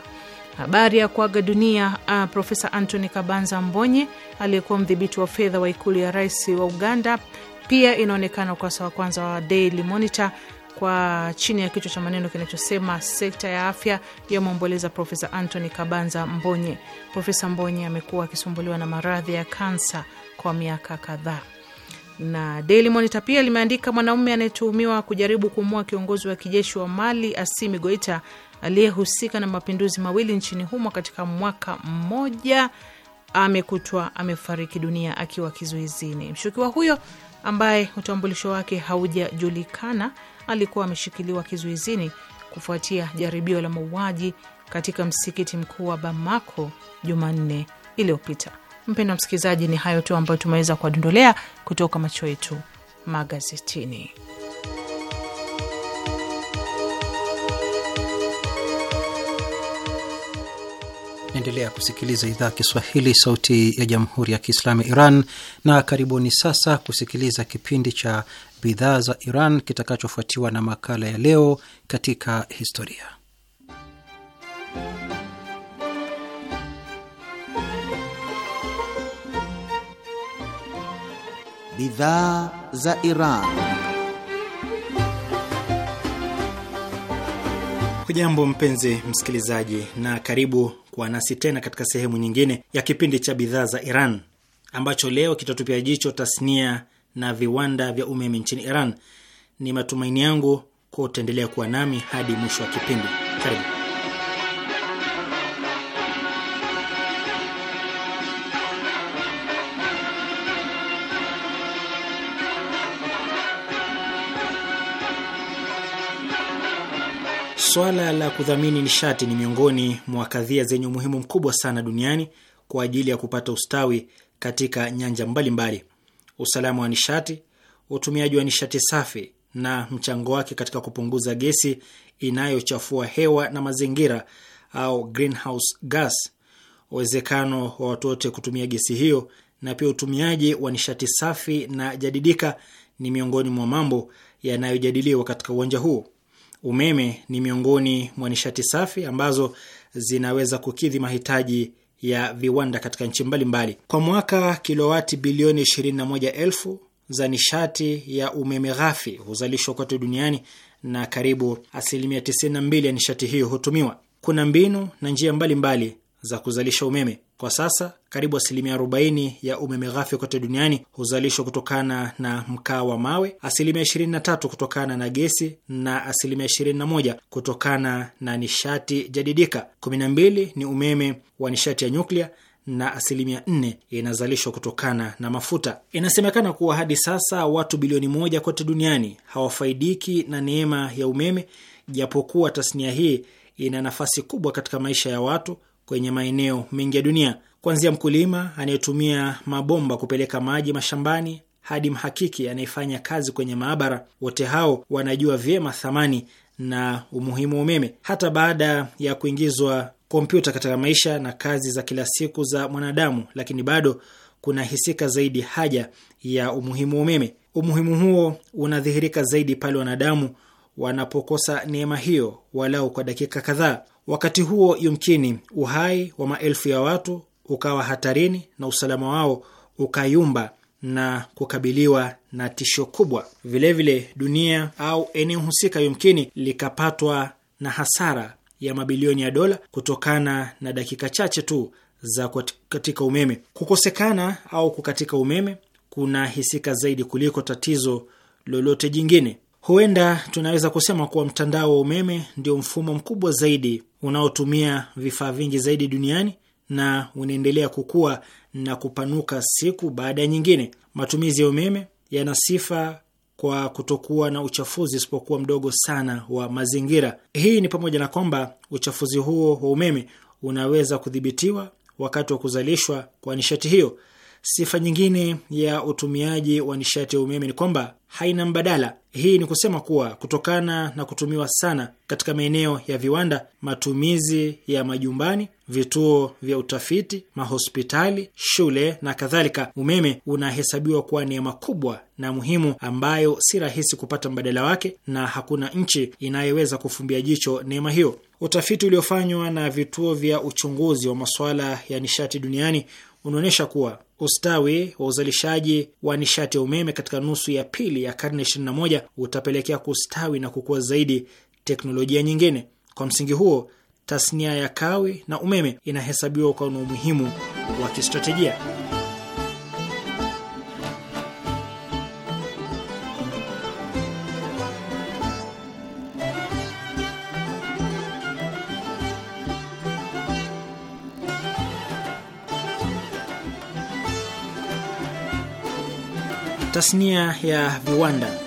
Habari ya kuaga dunia uh, Profesa Anthony Kabanza Mbonye aliyekuwa mdhibiti wa fedha wa ikulu ya rais wa Uganda pia inaonekana ukurasa wa kwanza wa Daily Monitor kwa chini ya kichwa cha maneno kinachosema sekta ya afya yameomboleza Profesa Anthony Kabanza Mbonye. Profesa Mbonye amekuwa akisumbuliwa na maradhi ya kansa kwa miaka kadhaa. Na Daily Monitor pia limeandika mwanaume anayetuhumiwa kujaribu kumua kiongozi wa kijeshi wa Mali Asimi Goita aliyehusika na mapinduzi mawili nchini humo katika mwaka mmoja amekutwa amefariki dunia akiwa kizuizini. Mshukiwa huyo ambaye utambulisho wake haujajulikana alikuwa ameshikiliwa kizuizini kufuatia jaribio la mauaji katika msikiti mkuu wa Bamako Jumanne iliyopita. Mpendwa msikilizaji, ni hayo tu ambayo tumeweza kuwadondolea kutoka macho yetu magazetini. Naendelea kusikiliza idhaa ya Kiswahili, sauti ya jamhuri ya kiislamu Iran, na karibuni sasa kusikiliza kipindi cha bidhaa za Iran kitakachofuatiwa na makala ya leo katika historia. Bidhaa za Iran. Hujambo mpenzi msikilizaji, na karibu kuwa nasi tena katika sehemu nyingine ya kipindi cha bidhaa za Iran ambacho leo kitatupia jicho tasnia na viwanda vya umeme nchini Iran. Ni matumaini yangu kwa utaendelea kuwa nami hadi mwisho wa kipindi. Karibu. Swala la kudhamini nishati ni miongoni mwa kadhia zenye umuhimu mkubwa sana duniani kwa ajili ya kupata ustawi katika nyanja mbalimbali. Usalama wa nishati, utumiaji wa nishati safi na mchango wake katika kupunguza gesi inayochafua hewa na mazingira au greenhouse gas, uwezekano wa watu wote kutumia gesi hiyo, na pia utumiaji wa nishati safi na jadidika ni miongoni mwa mambo yanayojadiliwa katika uwanja huo umeme ni miongoni mwa nishati safi ambazo zinaweza kukidhi mahitaji ya viwanda katika nchi mbalimbali. Kwa mwaka kilowati bilioni 21 za nishati ya umeme ghafi huzalishwa kote duniani na karibu asilimia 92 ya nishati hiyo hutumiwa. Kuna mbinu na njia mbalimbali za kuzalisha umeme. Kwa sasa karibu asilimia 40 ya umeme ghafi kote duniani huzalishwa kutokana na mkaa wa mawe, asilimia 23 kutokana na gesi na asilimia 21 kutokana na nishati jadidika. 12 ni umeme wa nishati ya nyuklia na asilimia nne inazalishwa kutokana na mafuta. Inasemekana kuwa hadi sasa watu bilioni moja kote duniani hawafaidiki na neema ya umeme, japokuwa tasnia hii ina nafasi kubwa katika maisha ya watu kwenye maeneo mengi ya dunia, kuanzia mkulima anayetumia mabomba kupeleka maji mashambani hadi mhakiki anayefanya kazi kwenye maabara. Wote hao wanajua vyema thamani na umuhimu wa umeme. Hata baada ya kuingizwa kompyuta katika maisha na kazi za kila siku za mwanadamu, lakini bado kuna hisika zaidi haja ya umuhimu wa umeme. Umuhimu huo unadhihirika zaidi pale wanadamu wanapokosa neema hiyo walau kwa dakika kadhaa. Wakati huo yumkini uhai wa maelfu ya watu ukawa hatarini na usalama wao ukayumba na kukabiliwa na tisho kubwa. Vilevile vile dunia au eneo husika yumkini likapatwa na hasara ya mabilioni ya dola kutokana na dakika chache tu za kukatika umeme. Kukosekana au kukatika umeme kuna hisika zaidi kuliko tatizo lolote jingine. Huenda tunaweza kusema kuwa mtandao wa umeme ndio mfumo mkubwa zaidi unaotumia vifaa vingi zaidi duniani na unaendelea kukua na kupanuka siku baada ya nyingine. Matumizi ya umeme yana sifa kwa kutokuwa na uchafuzi isipokuwa mdogo sana wa mazingira. Hii ni pamoja na kwamba uchafuzi huo wa umeme unaweza kudhibitiwa wakati wa kuzalishwa kwa nishati hiyo. Sifa nyingine ya utumiaji wa nishati ya umeme ni kwamba haina mbadala. Hii ni kusema kuwa kutokana na kutumiwa sana katika maeneo ya viwanda, matumizi ya majumbani, vituo vya utafiti, mahospitali, shule na kadhalika, umeme unahesabiwa kuwa neema kubwa na muhimu ambayo si rahisi kupata mbadala wake, na hakuna nchi inayoweza kufumbia jicho neema hiyo. Utafiti uliofanywa na vituo vya uchunguzi wa masuala ya nishati duniani unaonyesha kuwa ustawi wa uzalishaji wa nishati ya umeme katika nusu ya pili ya karne 21 utapelekea kustawi na kukua zaidi teknolojia nyingine. Kwa msingi huo, tasnia ya kawi na umeme inahesabiwa kuwa na umuhimu wa kistratejia. Tasnia ya viwanda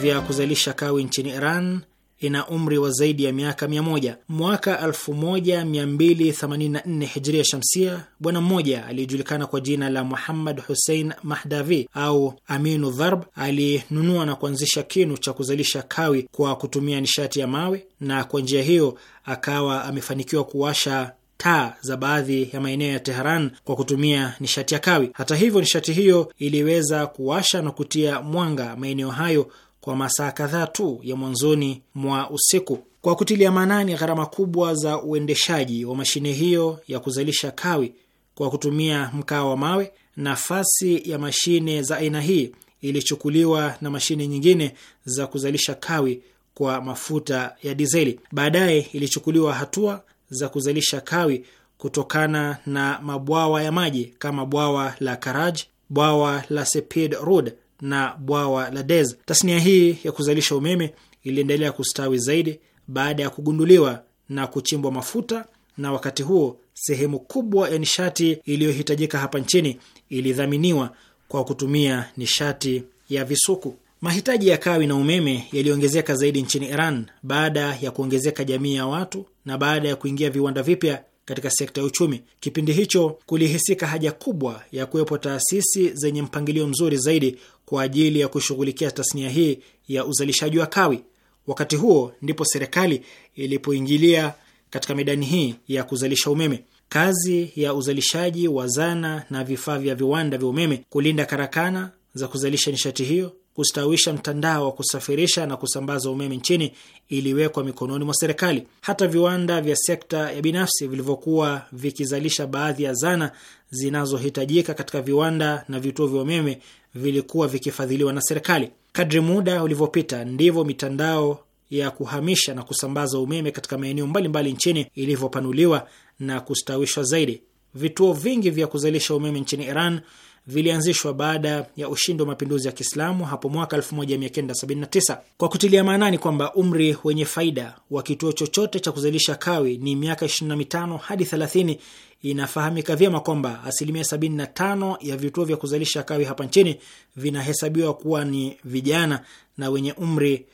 vya kuzalisha kawi nchini Iran ina umri wa zaidi ya miaka 100. Mwaka 1284 hijria shamsia, bwana mmoja aliyejulikana kwa jina la Muhammad Hussein Mahdavi au Aminu Dharb alinunua na kuanzisha kinu cha kuzalisha kawi kwa kutumia nishati ya mawe, na kwa njia hiyo akawa amefanikiwa kuwasha taa za baadhi ya maeneo ya Teheran kwa kutumia nishati ya kawi. Hata hivyo, nishati hiyo iliweza kuwasha na kutia mwanga maeneo hayo kwa masaa kadhaa tu ya mwanzoni mwa usiku. Kwa kutilia maanani gharama kubwa za uendeshaji wa mashine hiyo ya kuzalisha kawi kwa kutumia mkaa wa mawe, nafasi ya mashine za aina hii ilichukuliwa na mashine nyingine za kuzalisha kawi kwa mafuta ya dizeli. Baadaye ilichukuliwa hatua za kuzalisha kawi kutokana na mabwawa ya maji kama bwawa la Karaj, bwawa la Sepid Rud na bwawa la Dez. Tasnia hii ya kuzalisha umeme iliendelea kustawi zaidi baada ya kugunduliwa na kuchimbwa mafuta, na wakati huo sehemu kubwa ya nishati iliyohitajika hapa nchini ilidhaminiwa kwa kutumia nishati ya visukuku. Mahitaji ya kawi na umeme yaliongezeka zaidi nchini Iran baada ya kuongezeka jamii ya watu na baada ya kuingia viwanda vipya katika sekta ya uchumi. Kipindi hicho kulihisika haja kubwa ya kuwepo taasisi zenye mpangilio mzuri zaidi kwa ajili ya kushughulikia tasnia hii ya uzalishaji wa kawi. Wakati huo ndipo serikali ilipoingilia katika medani hii ya kuzalisha umeme. Kazi ya uzalishaji wa zana na vifaa vya viwanda vya umeme, kulinda karakana za kuzalisha nishati hiyo kustawisha mtandao wa kusafirisha na kusambaza umeme nchini iliwekwa mikononi mwa serikali. Hata viwanda vya sekta ya binafsi vilivyokuwa vikizalisha baadhi ya zana zinazohitajika katika viwanda na vituo vya umeme vilikuwa vikifadhiliwa na serikali. Kadri muda ulivyopita, ndivyo mitandao ya kuhamisha na kusambaza umeme katika maeneo mbalimbali nchini ilivyopanuliwa na kustawishwa zaidi. Vituo vingi vya kuzalisha umeme nchini Iran vilianzishwa baada ya ushindi wa mapinduzi ya Kiislamu hapo mwaka 1979 kwa kutilia maanani kwamba umri wenye faida wa kituo chochote cha kuzalisha kawi ni miaka 25 hadi 30. Inafahamika vyema kwamba asilimia 75 ya vituo vya kuzalisha kawi hapa nchini vinahesabiwa kuwa ni vijana na wenye umri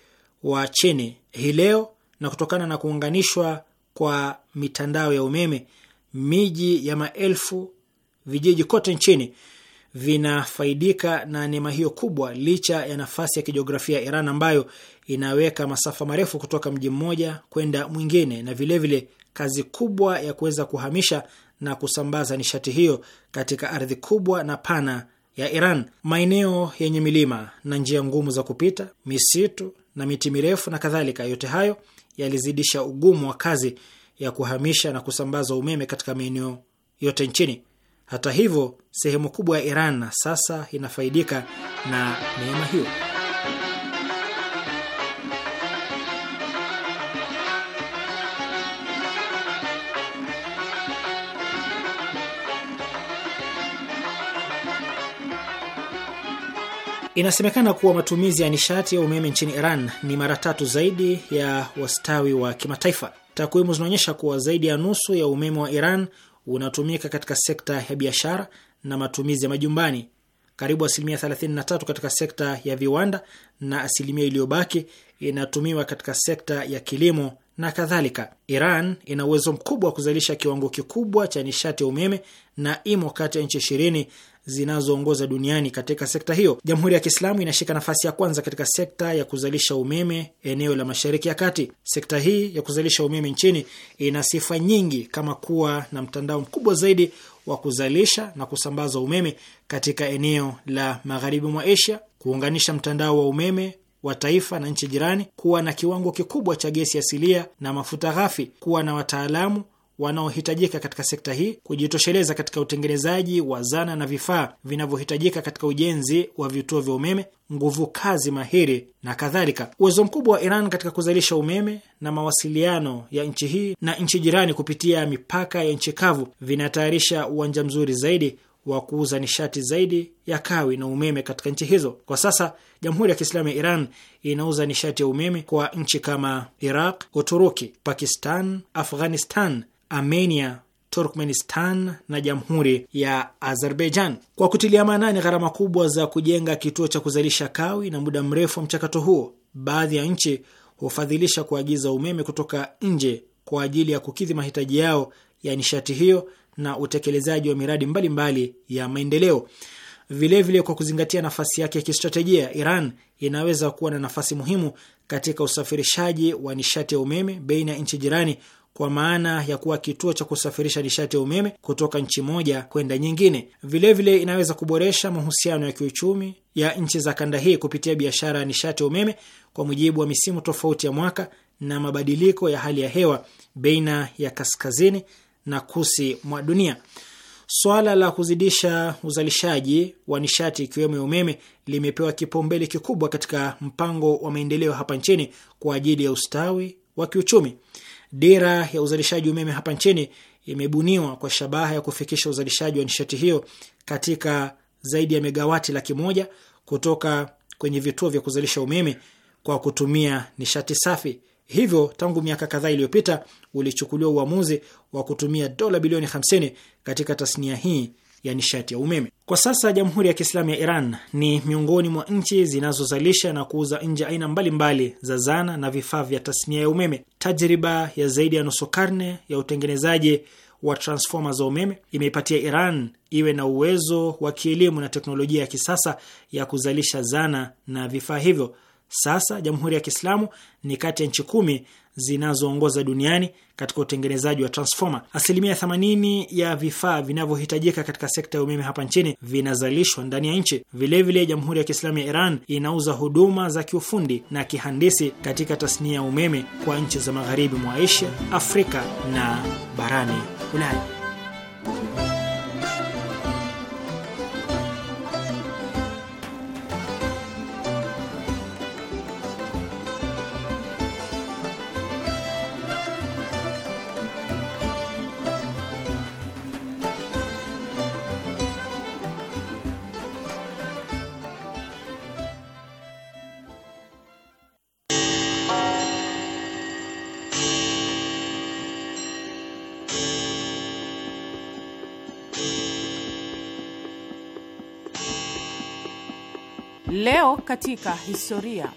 wa chini hii leo, na kutokana na kuunganishwa kwa mitandao ya umeme, miji ya maelfu, vijiji kote nchini vinafaidika na neema hiyo kubwa, licha ya nafasi ya kijiografia ya Iran ambayo inaweka masafa marefu kutoka mji mmoja kwenda mwingine, na vilevile vile kazi kubwa ya kuweza kuhamisha na kusambaza nishati hiyo katika ardhi kubwa na pana ya Iran, maeneo yenye milima na njia ngumu za kupita, misitu na miti mirefu na kadhalika. Yote hayo yalizidisha ugumu wa kazi ya kuhamisha na kusambaza umeme katika maeneo yote nchini. Hata hivyo, sehemu kubwa ya Iran sasa inafaidika na neema hiyo. Inasemekana kuwa matumizi ya nishati ya umeme nchini Iran ni mara tatu zaidi ya wastani wa kimataifa. Takwimu zinaonyesha kuwa zaidi ya nusu ya umeme wa Iran unatumika katika sekta ya biashara na matumizi ya majumbani, karibu asilimia 33 katika sekta ya viwanda, na asilimia iliyobaki inatumiwa katika sekta ya kilimo na kadhalika. Iran ina uwezo mkubwa wa kuzalisha kiwango kikubwa cha nishati ya umeme na imo kati ya nchi ishirini zinazoongoza duniani katika sekta hiyo. Jamhuri ya Kiislamu inashika nafasi ya kwanza katika sekta ya kuzalisha umeme eneo la Mashariki ya Kati. Sekta hii ya kuzalisha umeme nchini ina sifa nyingi kama kuwa na mtandao mkubwa zaidi wa kuzalisha na kusambaza umeme katika eneo la magharibi mwa Asia, kuunganisha mtandao wa umeme wa taifa na nchi jirani, kuwa na kiwango kikubwa cha gesi asilia na mafuta ghafi, kuwa na wataalamu wanaohitajika katika sekta hii, kujitosheleza katika utengenezaji wa zana na vifaa vinavyohitajika katika ujenzi wa vituo vya umeme, nguvu kazi mahiri na kadhalika. Uwezo mkubwa wa Iran katika kuzalisha umeme na mawasiliano ya nchi hii na nchi jirani kupitia mipaka ya nchi kavu vinatayarisha uwanja mzuri zaidi wa kuuza nishati zaidi ya kawi na umeme katika nchi hizo. Kwa sasa Jamhuri ya Kiislamu ya Iran inauza nishati ya umeme kwa nchi kama Iraq, Uturuki, Pakistan, Afghanistan, Armenia, Turkmenistan na jamhuri ya Azerbaijan. Kwa kutilia maanani gharama kubwa za kujenga kituo cha kuzalisha kawi na muda mrefu wa mchakato huo, baadhi ya nchi hufadhilisha kuagiza umeme kutoka nje kwa ajili ya kukidhi mahitaji yao ya nishati hiyo na utekelezaji wa miradi mbalimbali mbali ya maendeleo. Vilevile vile, kwa kuzingatia nafasi yake ya kistratejia, Iran inaweza kuwa na nafasi muhimu katika usafirishaji wa nishati ya umeme baina ya nchi jirani kwa maana ya kuwa kituo cha kusafirisha nishati ya umeme kutoka nchi moja kwenda nyingine. Vilevile vile inaweza kuboresha mahusiano ya kiuchumi ya nchi za kanda hii kupitia biashara ya nishati ya umeme kwa mujibu wa misimu tofauti ya mwaka na mabadiliko ya hali ya hewa baina ya kaskazini na kusi mwa dunia. Swala la kuzidisha uzalishaji wa nishati ikiwemo ya umeme limepewa kipaumbele kikubwa katika mpango wa maendeleo hapa nchini kwa ajili ya ustawi wa kiuchumi. Dira ya uzalishaji umeme hapa nchini imebuniwa kwa shabaha ya kufikisha uzalishaji wa nishati hiyo katika zaidi ya megawati laki moja kutoka kwenye vituo vya kuzalisha umeme kwa kutumia nishati safi. Hivyo tangu miaka kadhaa iliyopita ulichukuliwa uamuzi wa kutumia dola bilioni 50 katika tasnia hii ya nishati ya umeme. Kwa sasa Jamhuri ya Kiislamu ya Iran ni miongoni mwa nchi zinazozalisha na kuuza nje aina mbalimbali mbali za zana na vifaa vya tasnia ya umeme. Tajriba ya zaidi ya nusu karne ya utengenezaji wa transfoma za umeme imeipatia Iran iwe na uwezo wa kielimu na teknolojia ya kisasa ya kuzalisha zana na vifaa hivyo. Sasa Jamhuri ya Kiislamu ni kati ya nchi kumi zinazoongoza duniani katika utengenezaji wa transfoma. Asilimia 80 ya vifaa vinavyohitajika katika sekta ya umeme hapa nchini vinazalishwa ndani ya nchi. Vilevile, Jamhuri ya Kiislamu ya Iran inauza huduma za kiufundi na kihandisi katika tasnia ya umeme kwa nchi za magharibi mwa Asia, Afrika na barani Ulaya. Leo katika historia.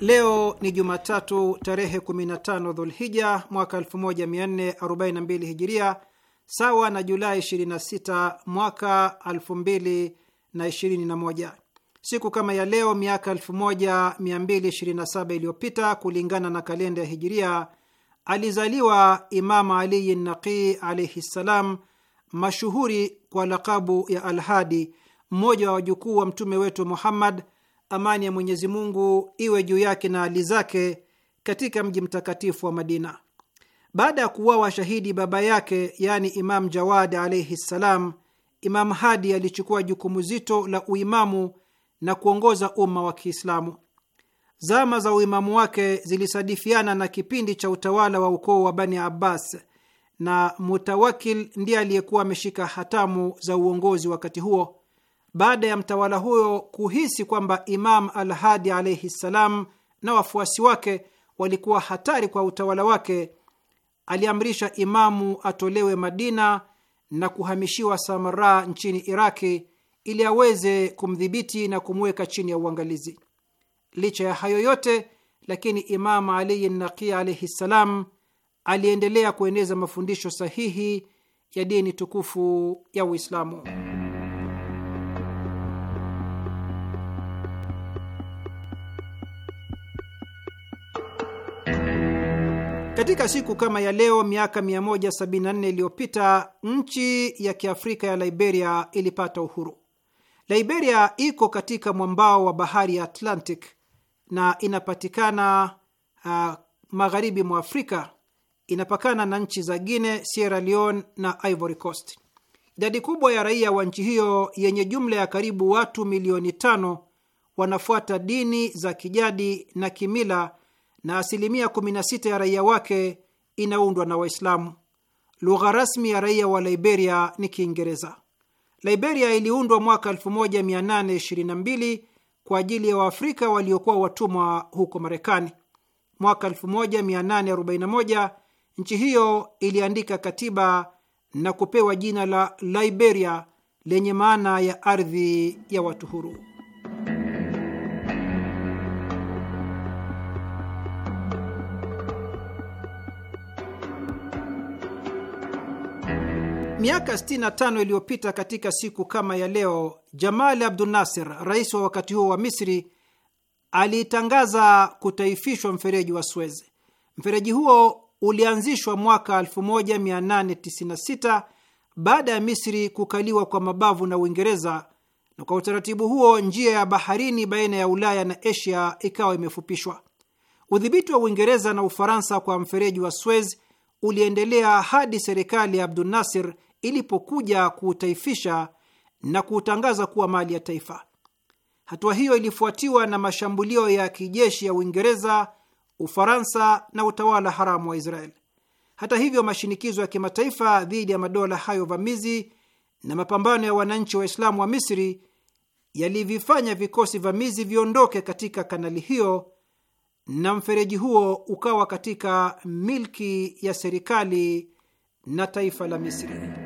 Leo ni Jumatatu tarehe 15 Dhulhija mwaka 1442 Hijiria, sawa na Julai 26 mwaka 2021. Siku kama ya leo miaka 1227 iliyopita kulingana na kalenda ya Hijiria, alizaliwa Imam Aliyi Naqi alaihi ssalam mashuhuri kwa lakabu ya Alhadi, mmoja wa wajukuu wa mtume wetu Muhammad, amani ya Mwenyezi Mungu iwe juu yake na hali zake, katika mji mtakatifu wa Madina. Baada ya kuuawa shahidi baba yake, yaani Imam jawadi alaihi ssalam, Imam Hadi alichukua jukumu zito la uimamu na kuongoza umma wa Kiislamu. Zama za uimamu wake zilisadifiana na kipindi cha utawala wa ukoo wa Bani Abbas na Mutawakil ndiye aliyekuwa ameshika hatamu za uongozi wakati huo. Baada ya mtawala huyo kuhisi kwamba Imam Alhadi alaihi ssalam na wafuasi wake walikuwa hatari kwa utawala wake, aliamrisha imamu atolewe Madina na kuhamishiwa Samara nchini Iraki ili aweze kumdhibiti na kumweka chini ya uangalizi. Licha ya hayo yote, lakini Imamu Aliyi Naqi alaihi ssalam aliendelea kueneza mafundisho sahihi ya dini tukufu ya Uislamu. Katika siku kama ya leo miaka 174 iliyopita nchi ya kiafrika ya Liberia ilipata uhuru. Liberia iko katika mwambao wa bahari ya Atlantic na inapatikana uh, magharibi mwa Afrika inapakana na nchi za Guine, Sierra Leone na Ivory Coast. Idadi kubwa ya raia wa nchi hiyo yenye jumla ya karibu watu milioni tano wanafuata dini za kijadi na kimila na asilimia 16 ya raia wake inaundwa na Waislamu. Lugha rasmi ya raia wa Liberia ni Kiingereza. Liberia iliundwa mwaka 1822 kwa ajili ya Waafrika waliokuwa watumwa huko Marekani. Mwaka 1841 Nchi hiyo iliandika katiba na kupewa jina la Liberia lenye maana ya ardhi ya watu huru. Miaka 65 iliyopita katika siku kama ya leo, Jamal Abdul Nasser, rais wa wakati huo wa Misri, alitangaza kutaifishwa mfereji wa Suez. Mfereji huo ulianzishwa mwaka 1896 baada ya Misri kukaliwa kwa mabavu na Uingereza, na kwa utaratibu huo njia ya baharini baina ya Ulaya na Asia ikawa imefupishwa. Udhibiti wa Uingereza na Ufaransa kwa mfereji wa Suez uliendelea hadi serikali ya Abdul Nasir ilipokuja kuutaifisha na kuutangaza kuwa mali ya taifa. Hatua hiyo ilifuatiwa na mashambulio ya kijeshi ya Uingereza Ufaransa na utawala haramu wa israel Hata hivyo, mashinikizo ya kimataifa dhidi ya madola hayo vamizi na mapambano ya wananchi Waislamu wa Misri yalivifanya vikosi vamizi viondoke katika kanali hiyo na mfereji huo ukawa katika milki ya serikali na taifa la Misri.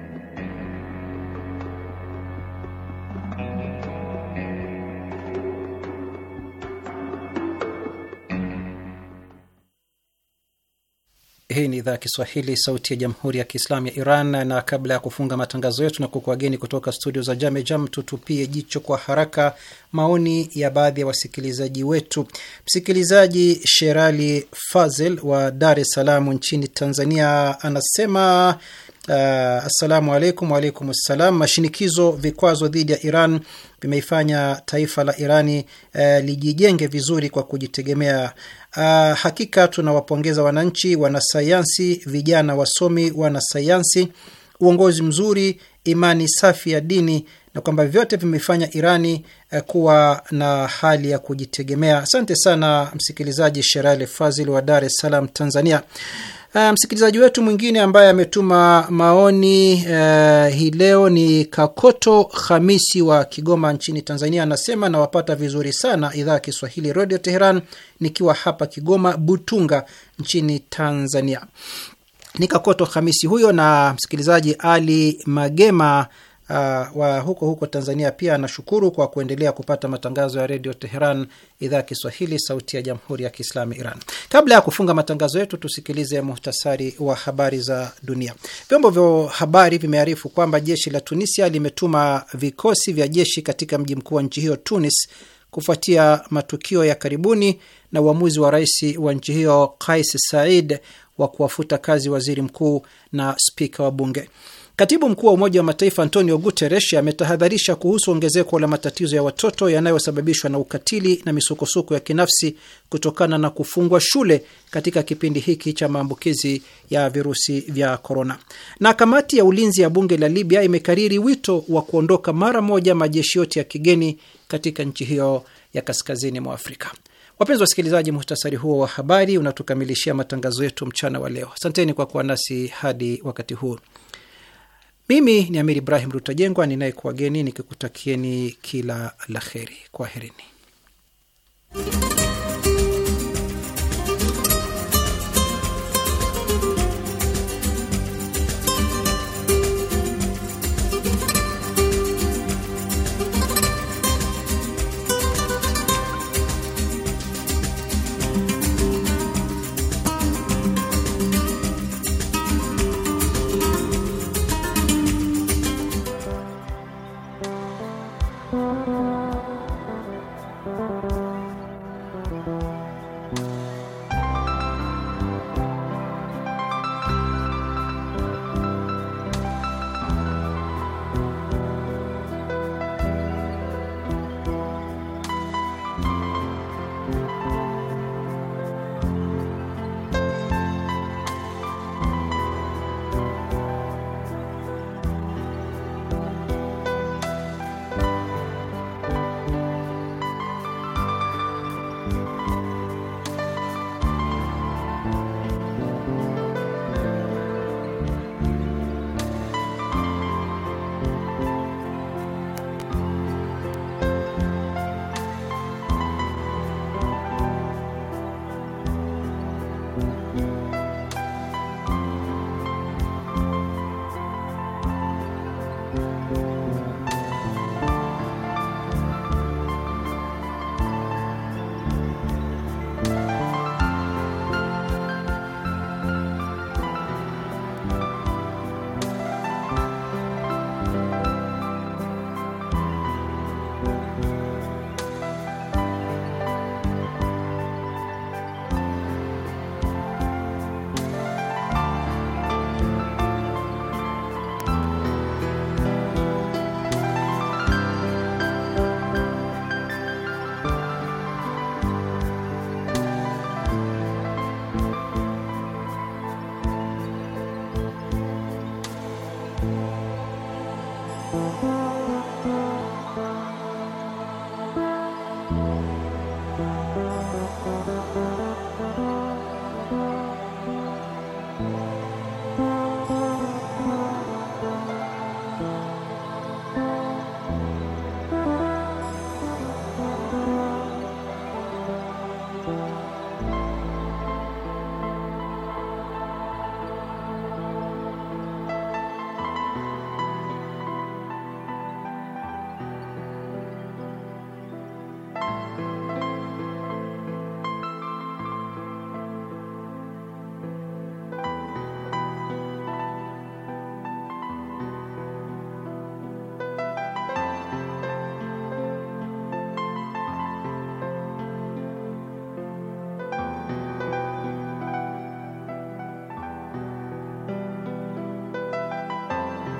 Hii ni idhaa ya Kiswahili, sauti ya jamhuri ya kiislamu ya Iran. Na kabla ya kufunga matangazo yetu na kukuageni kutoka studio za Jam, tutupie jicho kwa haraka maoni ya baadhi ya wasikilizaji wetu. Msikilizaji Sherali Fazel wa Dar es Salaam nchini Tanzania anasema Uh, assalamu alaikum. Waalaikum ssalam. Mashinikizo, vikwazo dhidi ya Iran vimeifanya taifa la Irani uh, lijijenge vizuri kwa kujitegemea. Uh, hakika tunawapongeza wananchi, wanasayansi, vijana wasomi, wanasayansi, uongozi mzuri, imani safi ya dini na kwamba vyote vimefanya Irani uh, kuwa na hali ya kujitegemea. Asante sana msikilizaji Sherali Fazil wa Dar es Salaam, Tanzania. Uh, msikilizaji wetu mwingine ambaye ametuma maoni uh, hii leo ni Kakoto Hamisi wa Kigoma nchini Tanzania. Anasema nawapata vizuri sana idhaa ya Kiswahili radio Teheran nikiwa hapa Kigoma Butunga nchini Tanzania. Ni Kakoto Hamisi huyo, na msikilizaji Ali Magema uh, wa huko huko Tanzania pia anashukuru kwa kuendelea kupata matangazo ya redio Teheran, idhaa ya Kiswahili, sauti ya jamhuri ya kiislamu Iran. Kabla ya kufunga matangazo yetu, tusikilize muhtasari wa habari za dunia. Vyombo vya habari vimearifu kwamba jeshi la Tunisia limetuma vikosi vya jeshi katika mji mkuu wa nchi hiyo Tunis, kufuatia matukio ya karibuni na uamuzi wa rais wa nchi hiyo Kais said wa kuwafuta kazi waziri mkuu na spika wa bunge. Katibu mkuu wa Umoja wa Mataifa Antonio Guterres ametahadharisha kuhusu ongezeko la matatizo ya watoto yanayosababishwa na ukatili na misukosuko ya kinafsi kutokana na kufungwa shule katika kipindi hiki cha maambukizi ya virusi vya korona. Na kamati ya ulinzi ya bunge la Libya imekariri wito wa kuondoka mara moja majeshi yote ya kigeni katika nchi hiyo ya kaskazini mwa Afrika. Wapenzi wasikilizaji, muhtasari huo wa habari unatukamilishia matangazo yetu mchana wa leo. Asanteni kwa kuwa nasi hadi wakati huu. Mimi ni Amiri Ibrahim Rutajengwa ninayekuwageni nikikutakieni kila la heri. Kwaherini.